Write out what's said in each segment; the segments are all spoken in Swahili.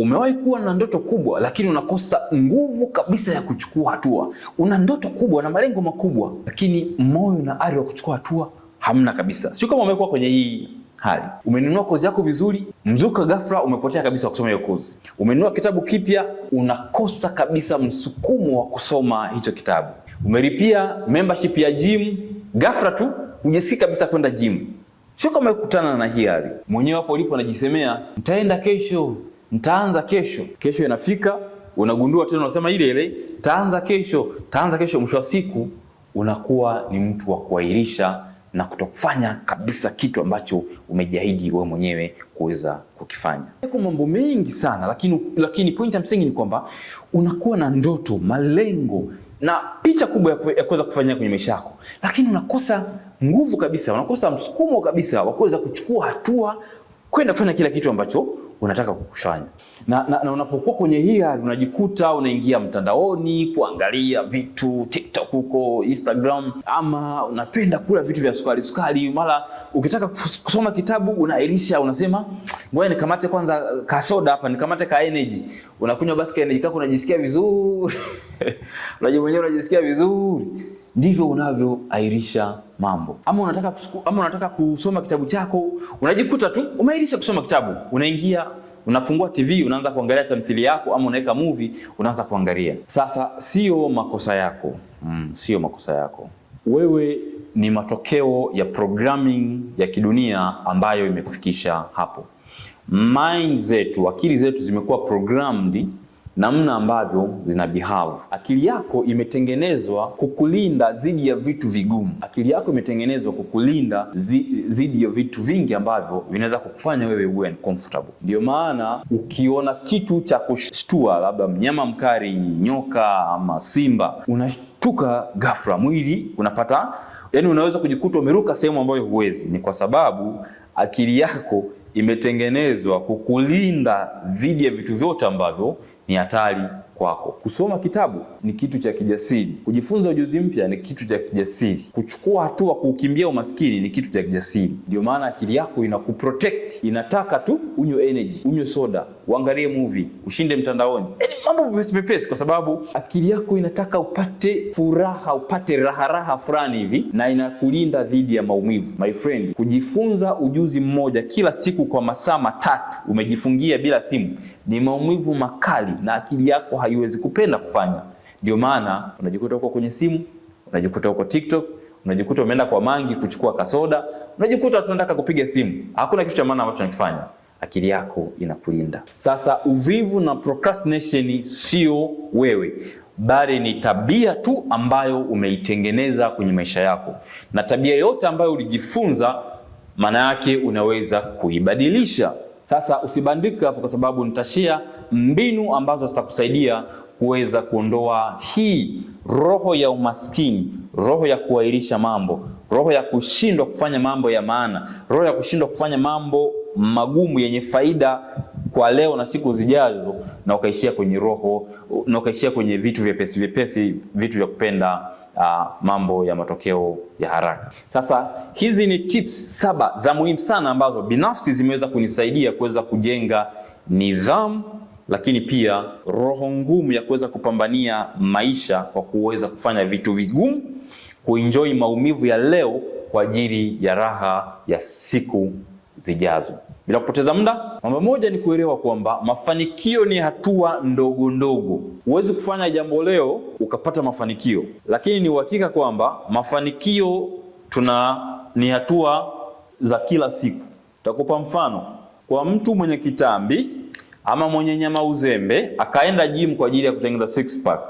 Umewahi kuwa na ndoto kubwa lakini unakosa nguvu kabisa ya kuchukua hatua? Una ndoto kubwa na malengo makubwa, lakini moyo na ari wa kuchukua hatua hamna kabisa. Sio kama umekuwa kwenye hii hali. Umenunua kozi yako vizuri, mzuka ghafla umepotea kabisa wa kusoma hiyo kozi. Umenunua kitabu kipya, unakosa kabisa msukumo wa kusoma hicho kitabu. Umelipia membership ya gym, ghafla tu hujisikii kabisa kwenda gym. Sio kama ukutana na hii hali. Mwenyewe hapo ulipo unajisemea, nitaenda kesho nitaanza kesho. Kesho inafika unagundua tena, unasema ile ile, taanza kesho, taanza kesho. Mwisho wa siku unakuwa ni mtu wa kuahirisha na kutokufanya kabisa kitu ambacho umejiahidi wewe mwenyewe kuweza kukifanya. Yako mambo mengi sana, lakini lakini point ya msingi ni kwamba unakuwa na ndoto, malengo na picha kubwa ya kuweza kufanya kwenye maisha yako, lakini unakosa nguvu kabisa, unakosa msukumo kabisa wa kuweza kuchukua hatua kwenda kufanya kila kitu ambacho unataka kukufanya na, na, na unapokuwa kwenye hii hali unajikuta unaingia mtandaoni kuangalia vitu TikTok huko Instagram, ama unapenda kula vitu vya sukari sukari, mara ukitaka kusoma kitabu unaahirisha, unasema ngoja nikamate kwanza kasoda hapa, nikamate ka energy. Unakunywa basi ka energy kako, unajisikia vizuri unajisikia vizuri ndivyo unavyoairisha mambo. Ama unataka kusuku, ama unataka kusoma kitabu chako, unajikuta tu umeairisha kusoma kitabu, unaingia unafungua TV unaanza kuangalia tamthili yako, ama unaweka movie unaanza kuangalia. Sasa sio makosa yako mm, sio makosa yako wewe ni matokeo ya programming ya kidunia ambayo imekufikisha hapo. Mind zetu, akili zetu zimekuwa programmed namna ambavyo zina bihavu. Akili yako imetengenezwa kukulinda dhidi ya vitu vigumu. Akili yako imetengenezwa kukulinda dhidi ya vitu vingi ambavyo vinaweza kukufanya wewe uwe comfortable. Ndio maana ukiona kitu cha kushtua, labda mnyama mkali, nyoka ama simba, unashtuka ghafla, mwili unapata yani, unaweza kujikuta umeruka sehemu ambayo huwezi. Ni kwa sababu akili yako imetengenezwa kukulinda dhidi ya vitu vyote ambavyo ni hatari kwako. Kusoma kitabu ni kitu cha kijasiri, kujifunza ujuzi mpya ni kitu cha kijasiri, kuchukua hatua kuukimbia umaskini ni kitu cha kijasiri. Ndio maana akili yako inakuprotect, inataka tu unywe energy, unywe soda uangalie movie, ushinde mtandaoni, yaani mambo mepesi mepesi, kwa sababu akili yako inataka upate furaha, upate raha raha fulani hivi, na inakulinda dhidi ya maumivu. My friend, kujifunza ujuzi mmoja kila siku kwa masaa matatu, umejifungia bila simu, ni maumivu makali, na akili yako haiwezi kupenda kufanya. Ndio maana unajikuta huko kwenye simu, unajikuta huko TikTok, unajikuta umeenda kwa mangi kuchukua kasoda, unajikuta tunataka kupiga simu. Hakuna kitu cha maana ambacho tunakifanya akili yako inakulinda. Sasa uvivu na procrastination sio wewe, bali ni tabia tu ambayo umeitengeneza kwenye maisha yako, na tabia yote ambayo ulijifunza, maana yake unaweza kuibadilisha. Sasa usibandike hapo, kwa sababu nitashia mbinu ambazo zitakusaidia kuweza kuondoa hii roho ya umaskini, roho ya kuahirisha mambo, roho ya kushindwa kufanya mambo ya maana, roho ya kushindwa kufanya mambo magumu yenye faida kwa leo na siku zijazo, na ukaishia kwenye roho na ukaishia kwenye vitu vyepesi vyepesi, vitu vya kupenda Uh, mambo ya matokeo ya haraka. Sasa hizi ni tips saba za muhimu sana ambazo binafsi zimeweza kunisaidia kuweza kujenga nidhamu, lakini pia roho ngumu ya kuweza kupambania maisha kwa kuweza kufanya vitu vigumu, kuenjoy maumivu ya leo kwa ajili ya raha ya siku zijazo. Bila kupoteza muda, namba moja ni kuelewa kwamba mafanikio ni hatua ndogo ndogo. Huwezi kufanya jambo leo ukapata mafanikio, lakini ni uhakika kwamba mafanikio tuna ni hatua za kila siku. Takupa mfano, kwa mtu mwenye kitambi ama mwenye nyama uzembe akaenda gym kwa ajili ya kutengeneza six pack,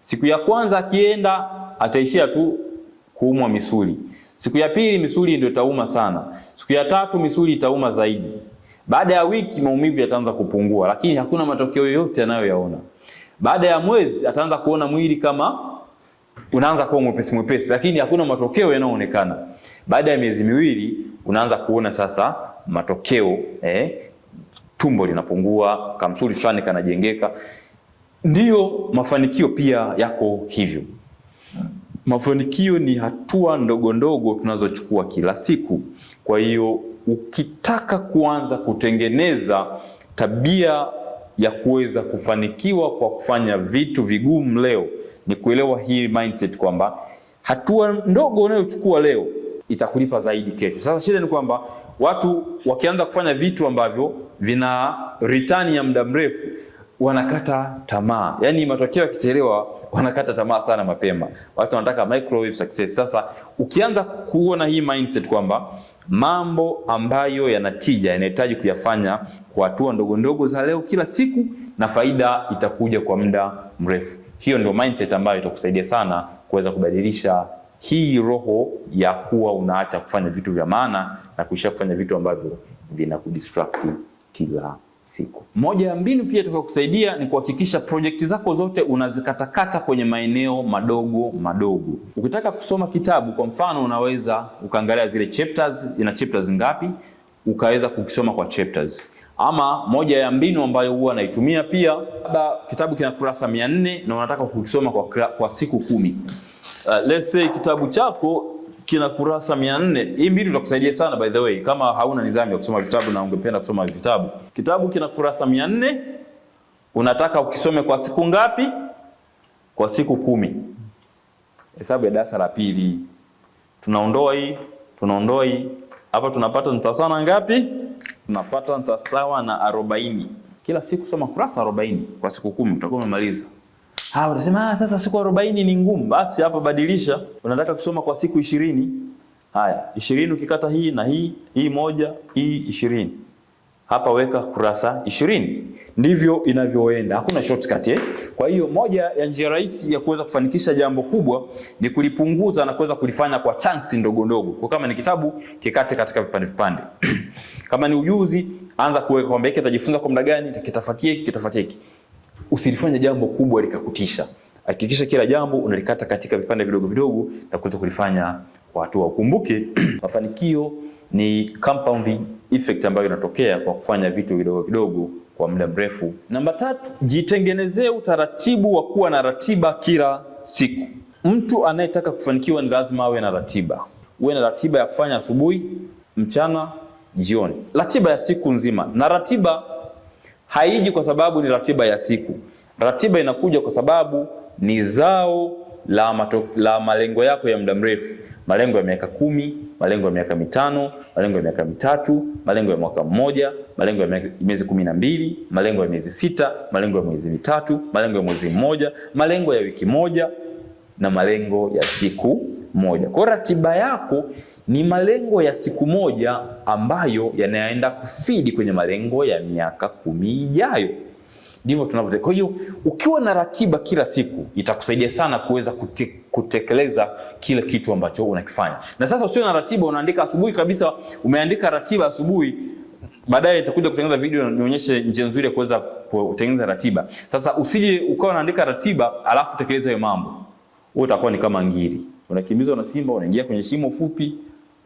siku ya kwanza akienda ataishia tu kuumwa misuli. Siku ya pili misuli ndio itauma sana. Siku ya tatu misuli itauma zaidi. Baada ya wiki maumivu yataanza kupungua, lakini hakuna matokeo yoyote anayoyaona. Baada ya mwezi ataanza kuona mwili kama unaanza kuwa mwepesi mwepesi, lakini hakuna matokeo yanayoonekana. Baada ya miezi miwili unaanza kuona sasa matokeo eh, tumbo linapungua, kamsuli fulani kanajengeka. Ndiyo mafanikio pia yako hivyo mafanikio ni hatua ndogo ndogo tunazochukua kila siku. Kwa hiyo ukitaka kuanza kutengeneza tabia ya kuweza kufanikiwa kwa kufanya vitu vigumu leo, ni kuelewa hii mindset kwamba hatua ndogo unayochukua leo itakulipa zaidi kesho. Sasa shida ni kwamba watu wakianza kufanya vitu ambavyo vina return ya muda mrefu wanakata tamaa, yaani matokeo yakichelewa wanakata tamaa sana mapema. Watu wanataka microwave success. Sasa ukianza kuona hii mindset kwamba mambo ambayo yanatija yanahitaji kuyafanya kwa hatua ndogo ndogo za leo kila siku, na faida itakuja kwa muda mrefu. Hiyo ndio mindset ambayo itakusaidia sana kuweza kubadilisha hii roho ya kuwa unaacha kufanya vitu vya maana na kuisha kufanya vitu ambavyo vinakudistract kila siku. Moja ya mbinu pia itakayokusaidia ni kuhakikisha projekti zako zote unazikatakata kwenye maeneo madogo madogo. Ukitaka kusoma kitabu kwa mfano, unaweza ukaangalia zile chapters, ina chapters ngapi, ukaweza kukisoma kwa chapters. Ama moja ya mbinu ambayo huwa naitumia pia, labda kitabu kina kurasa 400 na unataka kukisoma kwa, kwa siku kumi. Uh, let's say kitabu chako kina kurasa 400. Hii mbili tutakusaidia sana by the way, kama hauna nidhamu ya kusoma vitabu na ungependa kusoma vitabu. Kitabu kina kurasa 400. Unataka ukisome kwa siku ngapi? Kwa siku kumi. Hesabu ya darasa la pili. Tunaondoa hii, tunaondoa hii. Hapa tunapata ni sawa na ngapi? Tunapata ni sawa na 40. Kila siku soma kurasa 40 kwa siku kumi utakuwa umemaliza. Ah, unasema ah, sasa siku 40 ni ngumu. Basi hapa badilisha, unataka kusoma kwa siku ishirini. Haya, ishirini ukikata hii na hii, hii moja, hii ishirini. Hapa weka kurasa ishirini. Ndivyo inavyoenda, hakuna shortcut eh. Kwa hiyo moja ya njia rahisi ya kuweza kufanikisha jambo kubwa ni kulipunguza na kuweza kulifanya kwa chunks ndogo ndogo. Kwa kama ni kitabu, kikate katika vipande vipande. Kama ni ujuzi, anza kuweka kwamba hiki nitajifunza kwa muda gani, kitafuatia kitafuatia usilifanya jambo kubwa likakutisha. Hakikisha kila jambo unalikata katika vipande vidogo vidogo na kuweza kulifanya kwa hatua. Ukumbuke mafanikio ni compound effect ambayo inatokea kwa kufanya vitu vidogo vidogo kwa muda mrefu. Namba tatu, jitengenezee utaratibu wa kuwa na ratiba kila siku. Mtu anayetaka kufanikiwa ni lazima awe na ratiba. Uwe na ratiba ya kufanya asubuhi, mchana, jioni, ratiba ya siku nzima na ratiba haiji kwa sababu ni ratiba ya siku. Ratiba inakuja kwa sababu ni zao la, mato, la malengo yako ya muda mrefu, malengo ya miaka kumi, malengo ya miaka mitano, malengo ya miaka mitatu, malengo ya mwaka mmoja, malengo ya miezi kumi na mbili, malengo ya miezi sita, malengo ya mwezi mitatu, malengo ya mwezi mmoja, malengo ya wiki moja na malengo ya siku moja. Kwa ratiba yako ni malengo ya siku moja ambayo yanaenda kufidi kwenye malengo ya miaka kumi ijayo. Ndivyo tunavyo. Kwa hiyo ukiwa na ratiba kila siku itakusaidia sana kuweza kute, kutekeleza kila kitu ambacho unakifanya. Na sasa usio na ratiba, unaandika asubuhi kabisa, umeandika ratiba asubuhi baadaye nitakuja kutengeneza video nionyeshe njia nzuri ya kuweza kutengeneza ratiba. Sasa usije ukawa unaandika ratiba alafu tekeleza hayo mambo, wewe utakuwa ni kama ngiri, unakimbizwa na simba, unaingia kwenye shimo fupi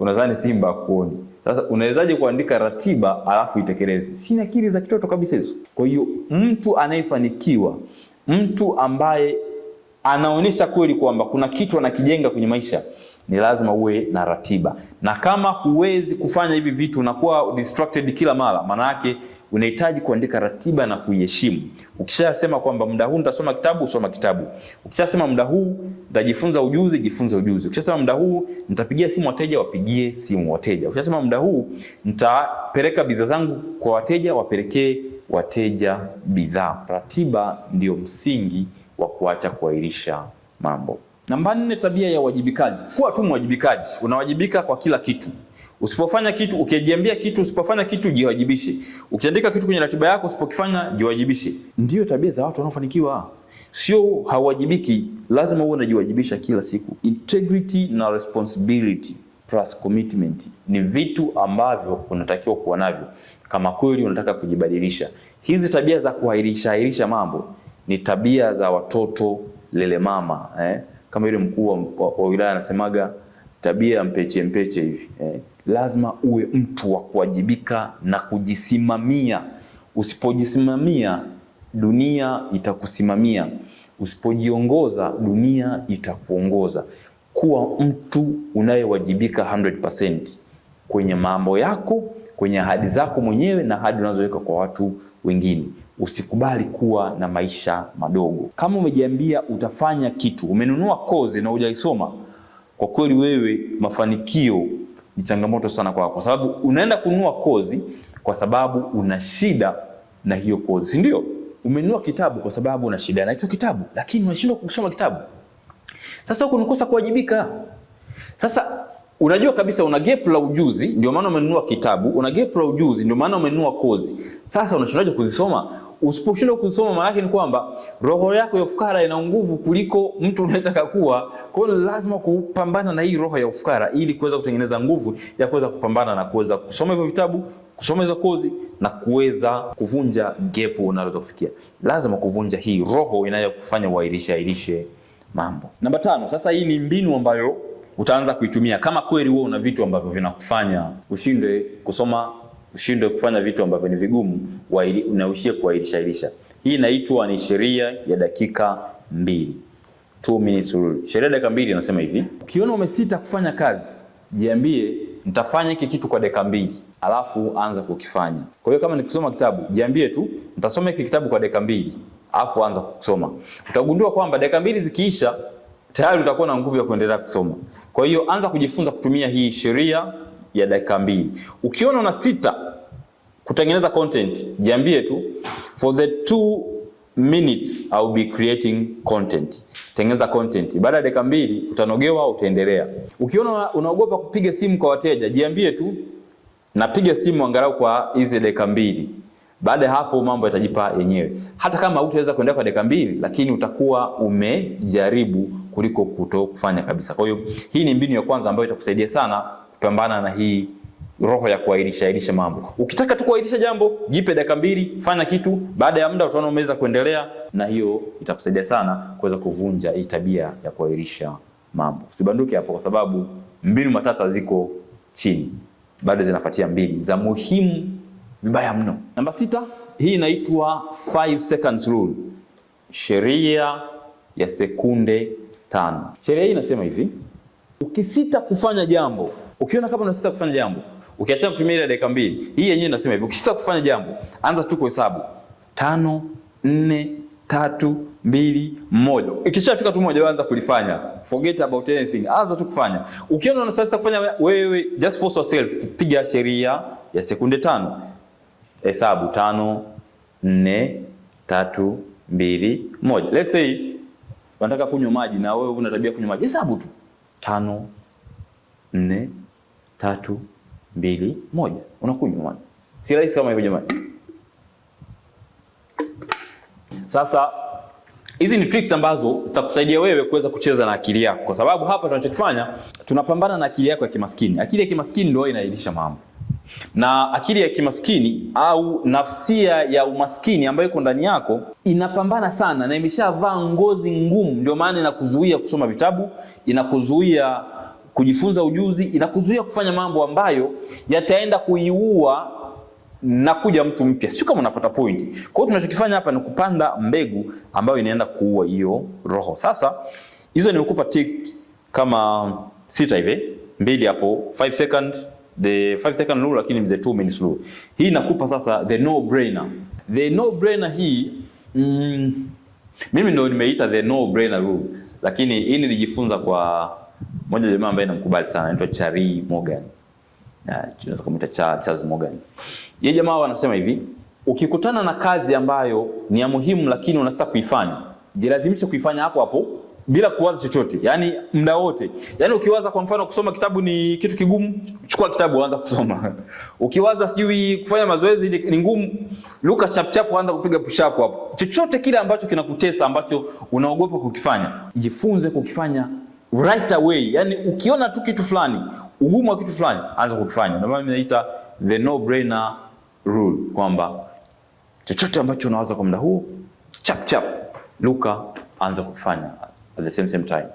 unadhani Simba kuoni. Sasa unawezaje kuandika ratiba alafu itekeleze? Sina akili za kitoto kabisa hizo. Kwa hiyo mtu anayefanikiwa, mtu ambaye anaonyesha kweli kwamba kuna kitu anakijenga kwenye maisha ni lazima uwe na ratiba, na kama huwezi kufanya hivi vitu, unakuwa distracted kila mara, maana yake unahitaji kuandika ratiba na kuiheshimu. Ukishasema kwamba muda huu nitasoma kitabu, soma kitabu. Ukishasema muda huu nitajifunza ujuzi, jifunze ujuzi. Ukishasema muda huu nitapigia simu wateja, wapigie simu wateja. Ukishasema muda huu nitapeleka bidhaa zangu kwa wateja, wapelekee wateja bidhaa. Ratiba ndio msingi wa kuacha kuahirisha mambo. Namba nne, tabia ya uwajibikaji. Kuwa tu mwajibikaji, unawajibika kwa kila kitu. Usipofanya kitu, ukijiambia kitu, usipofanya kitu jiwajibishe. Ukiandika kitu kwenye ratiba yako usipokifanya jiwajibishe. Ndiyo tabia za watu wanaofanikiwa. Sio hawajibiki, lazima uwe unajiwajibisha kila siku. Integrity na responsibility plus commitment ni vitu ambavyo unatakiwa kuwa navyo kama kweli unataka kujibadilisha. Hizi tabia za kuahirisha ahirisha mambo ni tabia za watoto lele mama eh? Kama yule mkuu wa wilaya anasemaga tabia ya mpeche mpeche hivi eh, lazima uwe mtu wa kuwajibika na kujisimamia. Usipojisimamia dunia itakusimamia, usipojiongoza dunia itakuongoza. Kuwa mtu unayewajibika 100% kwenye mambo yako, kwenye ahadi zako mwenyewe na ahadi unazoweka kwa watu wengine. Usikubali kuwa na maisha madogo. Kama umejiambia utafanya kitu, umenunua kozi na hujaisoma kwa kweli wewe mafanikio ni changamoto sana kwako, kwa sababu unaenda kununua kozi kwa sababu una shida na hiyo kozi, si ndio? Umenunua kitabu kwa sababu una shida na hicho kitabu, lakini unashindwa kusoma kitabu. Sasa huko unakosa kuwajibika. Sasa unajua kabisa una gap la ujuzi, ndio maana umenunua kitabu, una gap la ujuzi, ndio maana umenunua kozi. Sasa unashindaje kuzisoma? usiposhindwa kusoma, maana yake ni kwamba roho yako ya ufukara ina nguvu kuliko mtu unayetaka kuwa. Kwa hiyo lazima kupambana na hii roho ya ufukara ili kuweza kutengeneza nguvu ya kuweza kupambana na kuweza kusoma hivyo vitabu, kusoma hizo kozi na kuweza kuvunja gepu unalotofikia. Lazima kuvunja hii roho inayokufanya uahirishe ahirishe mambo. Namba tano, sasa hii ni mbinu ambayo utaanza kuitumia kama kweli wewe una vitu ambavyo vinakufanya ushindwe kusoma ushindwe kufanya vitu ambavyo ni vigumu, unaishia kuahirishahirisha. Hii inaitwa ni sheria ya dakika mbili, two minutes rule. Sheria ya dakika mbili inasema hivi: ukiona umesita kufanya kazi, jiambie nitafanya hiki kitu kwa dakika mbili, alafu anza kukifanya. Kwa hiyo kama ni kusoma kitabu, jiambie tu nitasoma hiki kitabu kwa dakika mbili, alafu anza kusoma. Utagundua kwamba dakika mbili zikiisha, tayari utakuwa na nguvu ya kuendelea kusoma. Kwa hiyo anza kujifunza kutumia hii sheria ya dakika mbili. Ukiona sita kutengeneza content, jiambie tu for the two minutes I will be creating content. Tengeneza content. Baada ya dakika mbili utanogewa, utaendelea. Ukiona unaogopa kupiga simu kwa wateja, jiambie tu napiga simu angalau kwa hizi dakika mbili. Baada ya hapo mambo yatajipa yenyewe. Hata kama hutaweza kuendelea kwa dakika mbili, lakini utakuwa umejaribu kuliko kuto kufanya kabisa. Kwa hiyo hii ni mbinu ya kwanza ambayo itakusaidia sana pambana na hii roho ya kuahirisha ahirisha mambo. Ukitaka tu kuahirisha jambo, jipe dakika mbili, fanya kitu, baada ya muda utaona umeweza kuendelea, na hiyo itakusaidia sana kuweza kuvunja hii tabia ya kuahirisha mambo. Usibanduke hapo, kwa sababu mbinu matata ziko chini, bado zinafuatia mbili za muhimu vibaya mno. Namba sita, hii inaitwa 5 seconds rule, sheria ya sekunde tano. Sheria hii inasema hivi Ukisita kufanya jambo, ukiona kama unasita kufanya jambo, ukiachana kutumia ile dakika mbili, hii yenyewe inasema hivi, ukisita kufanya jambo, anza tu kuhesabu tano, nne, tatu, mbili, moja. Ikishafika tu moja, anza kulifanya, forget about anything, anza tu kufanya. Ukiona unasita kufanya wewe, just force yourself, piga sheria ya sekunde tano, hesabu tano, nne, tatu, mbili, moja. Let's say unataka kunywa maji na wewe una tabia kunywa maji, hesabu tu tano nne tatu mbili moja. Unakunywa maji, si rahisi kama hivyo jamani. Sasa hizi ni tricks ambazo zitakusaidia wewe kuweza kucheza na akili yako, kwa sababu hapa tunachokifanya tunapambana na akili yako ya kimaskini. Akili ya kimaskini ndio inailisha mambo na akili ya kimaskini au nafsia ya umaskini ambayo iko ndani yako inapambana sana na imeshavaa ngozi ngumu. Ndio maana inakuzuia kusoma vitabu, inakuzuia kujifunza ujuzi, inakuzuia kufanya mambo ambayo yataenda kuiua na kuja mtu mpya. Sio kama unapata point. Kwa hiyo tunachokifanya hapa ni kupanda mbegu ambayo inaenda kuua hiyo roho. Sasa hizo nimekupa tips kama sita hivi, mbili hapo 5 seconds the five second rule, lakini the two minutes rule. Hii nakupa sasa the no brainer. The no brainer hii mm, mimi ndio nimeita the no brainer rule, lakini hii nilijifunza kwa mmoja wa jamaa ambaye namkubali sana anaitwa Chari Morgan. na Tunaweza kumuita Charles Morgan. Yeye jamaa wanasema hivi, ukikutana na kazi ambayo ni ya muhimu lakini unasita kuifanya, jilazimisha kuifanya hapo hapo bila kuwaza chochote, yani muda wote. Yani ukiwaza kwa mfano kusoma kitabu ni kitu kigumu, chukua kitabu anza kusoma. Ukiwaza sijui kufanya mazoezi ni ngumu, luka chap chap, anza kupiga push up hapo. Chochote kile ambacho kinakutesa ambacho unaogopa kukifanya, jifunze kukifanya right away. Yani ukiona tu kitu fulani, ugumu wa kitu fulani, anza kukifanya. Ndio maana ninaita the no brainer rule kwamba chochote ambacho unawaza kwa muda huu, chap chap, luka anza kukifanya. at the same same time